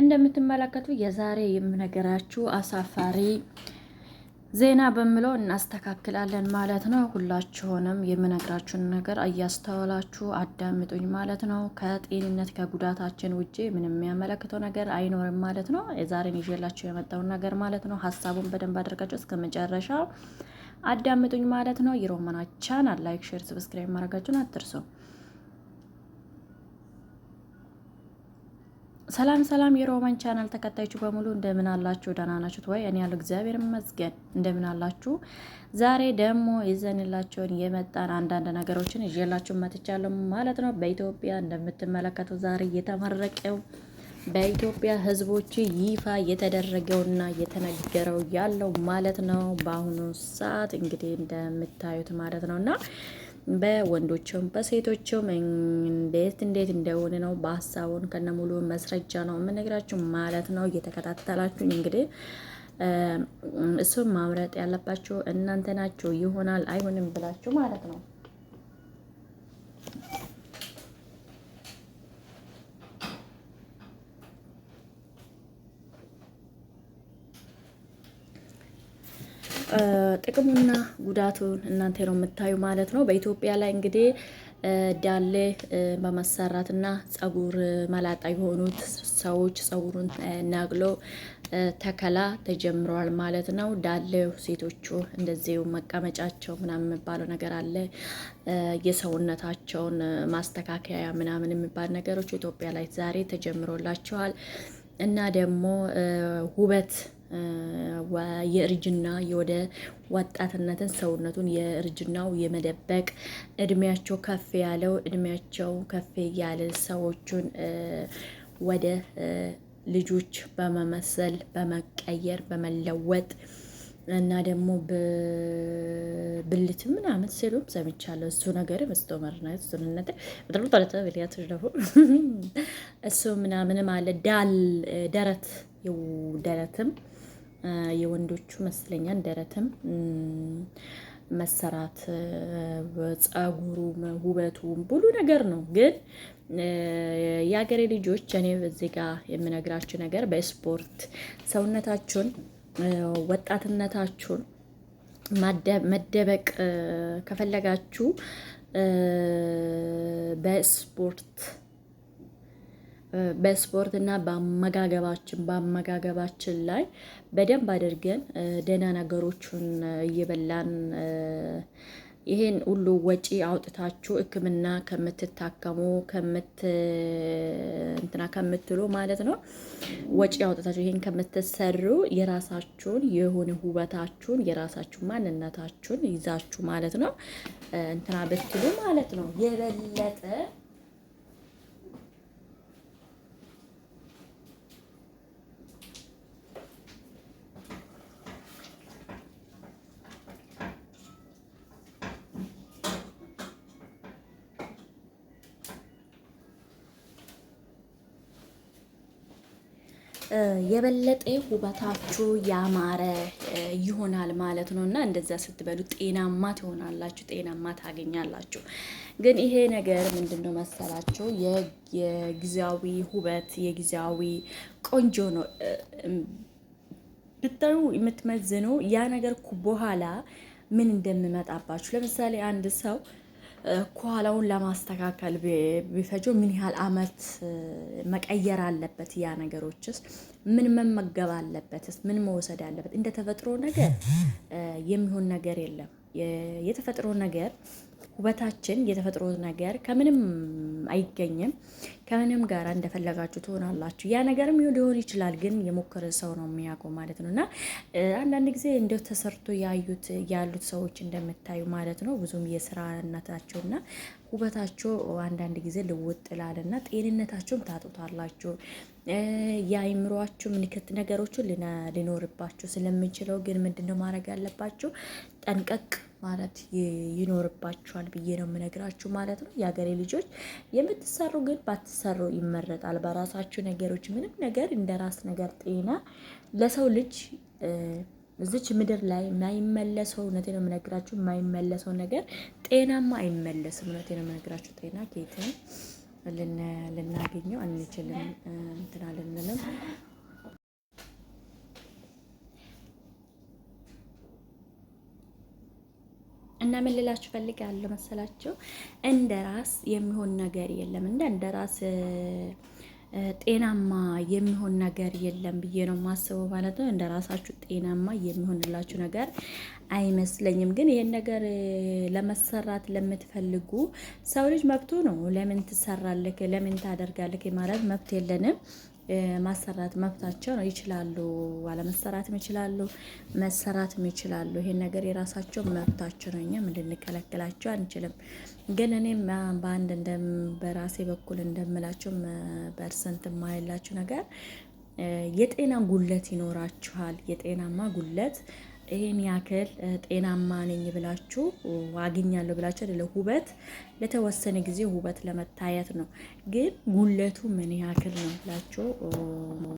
እንደምትመለከቱ የዛሬ የምነገራችሁ አሳፋሪ ዜና በምለው እናስተካክላለን ማለት ነው። ሁላችሁንም የምነግራችሁን ነገር እያስተዋላችሁ አዳምጡኝ ማለት ነው። ከጤንነት ከጉዳታችን ውጭ ምንም የሚያመለክተው ነገር አይኖርም ማለት ነው። የዛሬን ይዤላችሁ የመጣውን ነገር ማለት ነው። ሀሳቡን በደንብ አድርጋችሁ እስከ መጨረሻ አዳምጡኝ ማለት ነው። የሮማና ቻናል ላይክ፣ ሼር፣ ሰብስክራይብ ማድረጋችሁን አትርሱ። ሰላም ሰላም የሮማን ቻናል ተከታዮች በሙሉ እንደምን አላችሁ? ደህና ናችሁት ወይ? እኔ ያለው እግዚአብሔር ይመስገን እንደምን አላችሁ? ዛሬ ደግሞ ይዘንላችሁን የመጣን አንዳንድ ነገሮችን ይዤላችሁ መጥቻለሁ ማለት ነው። በኢትዮጵያ እንደምትመለከተው ዛሬ የተመረቀው በኢትዮጵያ ሕዝቦች ይፋ የተደረገውና የተነገረው ያለው ማለት ነው። በአሁኑ ሰዓት እንግዲህ እንደምታዩት ማለት ነውና በወንዶችም በሴቶችም እንዴት እንዴት እንደሆነ ነው በሀሳቡን ሙሉ መስረጃ ነው የምነግራችሁ ማለት ነው። እየተከታተላችሁኝ እንግዲህ እሱም ማምረጥ ያለባችሁ እናንተ ናችሁ። ይሆናል አይሆንም ብላችሁ ማለት ነው። ጥቅሙና ጉዳቱን እናንተ ነው የምታዩ ማለት ነው። በኢትዮጵያ ላይ እንግዲህ ዳሌ በመሰራትና ጸጉር መላጣ የሆኑት ሰዎች ጸጉሩን ነቅሎ ተከላ ተጀምረዋል ማለት ነው። ዳሌው ሴቶቹ እንደዚሁ መቀመጫቸው ምናምን የሚባለው ነገር አለ። የሰውነታቸውን ማስተካከያ ምናምን የሚባል ነገሮች ኢትዮጵያ ላይ ዛሬ ተጀምሮላቸዋል እና ደግሞ ውበት የእርጅና የወደ ወጣትነትን ሰውነቱን የእርጅናው የመደበቅ እድሜያቸው ከፍ ያለው እድሜያቸው ከፍ ያለ ሰዎቹን ወደ ልጆች በመመሰል በመቀየር በመለወጥ እና ደግሞ ብልት ምናምን ሲሉም ሰምቻለሁ። እሱ ነገር መስተመርነት እሱንነት በጣም ጠለጠ ብልያት ደፉ እሱ ምናምንም አለ ዳል ደረት ደረትም የወንዶቹ መስለኛል ደረትም መሰራት ጸጉሩ ውበቱ ሁሉ ነገር ነው። ግን የአገሬ ልጆች እኔ እዚህ ጋር የምነግራችሁ ነገር በስፖርት ሰውነታችሁን ወጣትነታችሁን መደበቅ ከፈለጋችሁ በስፖርት በስፖርት እና በአመጋገባችን በአመጋገባችን ላይ በደንብ አድርገን ደህና ነገሮችን እየበላን ይሄን ሁሉ ወጪ አውጥታችሁ ሕክምና ከምትታከሙ ከምት እንትና ከምትሉ ማለት ነው ወጪ አውጥታችሁ ይሄን ከምትሰሩ የራሳችሁን የሆነ ውበታችሁን የራሳችሁ ማንነታችሁን ይዛችሁ ማለት ነው እንትና ብትሉ ማለት ነው የበለጠ የበለጠ ውበታችሁ ያማረ ይሆናል ማለት ነው እና እንደዛ ስትበሉ ጤናማ ትሆናላችሁ፣ ጤናማ ታገኛላችሁ። ግን ይሄ ነገር ምንድን ነው መሰላችሁ? የጊዜያዊ ውበት የጊዜያዊ ቆንጆ ነው ብታዩ የምትመዝኑ ያ ነገር በኋላ ምን እንደምመጣባችሁ ለምሳሌ አንድ ሰው ኳላውን ለማስተካከል ቢፈጀው ምን ያህል አመት መቀየር አለበት? ያ ነገሮችስ ምን መመገብ አለበትስ? ምን መውሰድ አለበት? እንደ ተፈጥሮ ነገር የሚሆን ነገር የለም። የተፈጥሮ ነገር ውበታችን የተፈጥሮ ነገር ከምንም አይገኝም። ከምንም ጋር እንደፈለጋችሁ ትሆናላችሁ። ያ ነገርም ሊሆን ይችላል፣ ግን የሞከረ ሰው ነው የሚያውቀው ማለት ነው። እና አንዳንድ ጊዜ እንደ ተሰርቶ ያዩት ያሉት ሰዎች እንደምታዩ ማለት ነው ብዙም የስራነታቸው እና ውበታቸው አንዳንድ ጊዜ ልውጥ ይላል እና ጤንነታቸውም ታጡታላችሁ። የአይምሯችሁ ምልክት ነገሮችን ሊኖርባችሁ ስለምችለው ግን ምንድነው ማድረግ ያለባችሁ ጠንቀቅ ማለት ይኖርባችኋል ብዬ ነው የምነግራችሁ ማለት ነው። የሀገሬ ልጆች የምትሰሩ ግን ባትሰሩ ይመረጣል። በራሳችሁ ነገሮች ምንም ነገር እንደ ራስ ነገር ጤና ለሰው ልጅ እዚች ምድር ላይ የማይመለሰው እውነቴ ነው የምነግራችሁ፣ የማይመለሰው ነገር ጤናማ አይመለስም። እውነቴ ነው የምነግራችሁ። ጤና ከየትም ልናገኘው አንችልም፣ እንትን እና ምን ልላችሁ ፈልጋለሁ መሰላችሁ እንደ ራስ የሚሆን ነገር የለም እንደ እንደ ራስ ጤናማ የሚሆን ነገር የለም ብዬ ነው ማስበው ማለት ነው እንደ ራሳችሁ ጤናማ የሚሆንላችሁ ነገር አይመስለኝም። ግን ይህን ነገር ለመሰራት ለምትፈልጉ ሰው ልጅ መብቱ ነው። ለምን ትሰራልክ? ለምን ታደርጋልክ? ማለት መብት የለንም ማሰራት መብታቸው ነው። ይችላሉ፣ አለመሰራትም ይችላሉ፣ መሰራትም ይችላሉ። ይሄን ነገር የራሳቸው መብታቸው ነው። እኛም እንድንከለክላቸው አንችልም። ግን እኔም በአንድ በራሴ በኩል እንደምላቸው ፐርሰንት የማይላቸው ነገር የጤና ጉለት ይኖራችኋል። የጤናማ ጉለት ይሄን ያክል ጤናማ ነኝ ብላችሁ አግኛለሁ ብላችሁ አይደለም። ውበት ለተወሰነ ጊዜ ውበት ለመታየት ነው፣ ግን ጉለቱ ምን ያክል ነው ብላችሁ